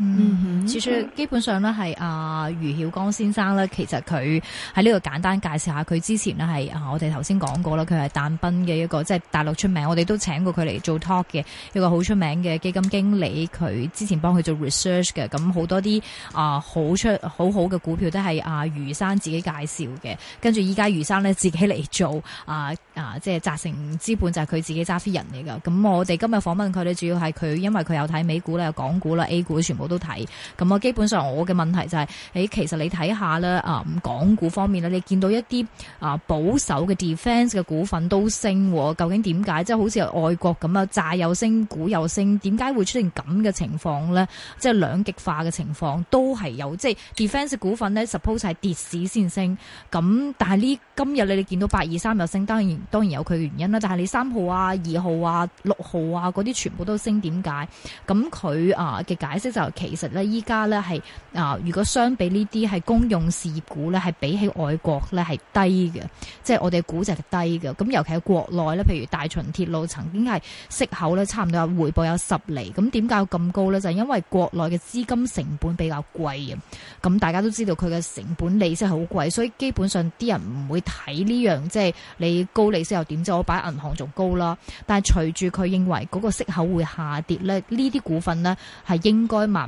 嗯哼，至少基本上呢，係、啊、阿余曉光先生呢，其實佢喺呢個簡單介紹下佢之前呢，係啊，我哋頭先講過啦，佢係但斌嘅一個即係、就是、大陸出名，我哋都請過佢嚟做 talk 嘅一個好出名嘅基金經理，佢之前幫佢做 research 嘅，咁好多啲啊好出好好嘅股票都係阿、啊、余生自己介紹嘅，跟住依家余生呢，自己嚟做啊啊，即係澤誠資本就係、是、佢自己揸 fit 人嚟噶，咁我哋今日訪問佢呢，主要係佢因為佢有睇美股啦、有港股啦、A 股全部。都睇，咁啊，基本上我嘅問題就係，其實你睇下咧，啊，港股方面咧，你見到一啲啊保守嘅 defense 嘅股份都升，究竟點解？即係好似外國咁啊，債又升，股又升，點解會出現咁嘅情況呢？即係兩極化嘅情況都係有，即係 defense 股份呢 suppose 係跌市先升，咁但係呢今日你哋見到八二三又升，當然當然有佢原因啦。但係你三號啊、二號啊、六號啊嗰啲全部都升，點解？咁佢啊嘅解釋就。其實呢，依家呢係啊，如果相比呢啲係公用事業股呢，係比起外國呢係低嘅，即係我哋估值係低嘅。咁尤其喺國內呢，譬如大秦鐵路曾經係息口呢，差唔多有回報有十厘。咁點解咁高呢？就因為國內嘅資金成本比較貴啊。咁大家都知道佢嘅成本利息係好貴，所以基本上啲人唔會睇呢樣，即係你高利息又點啫？我擺銀行仲高啦。但係隨住佢認為嗰個息口會下跌呢，呢啲股份呢係應該慢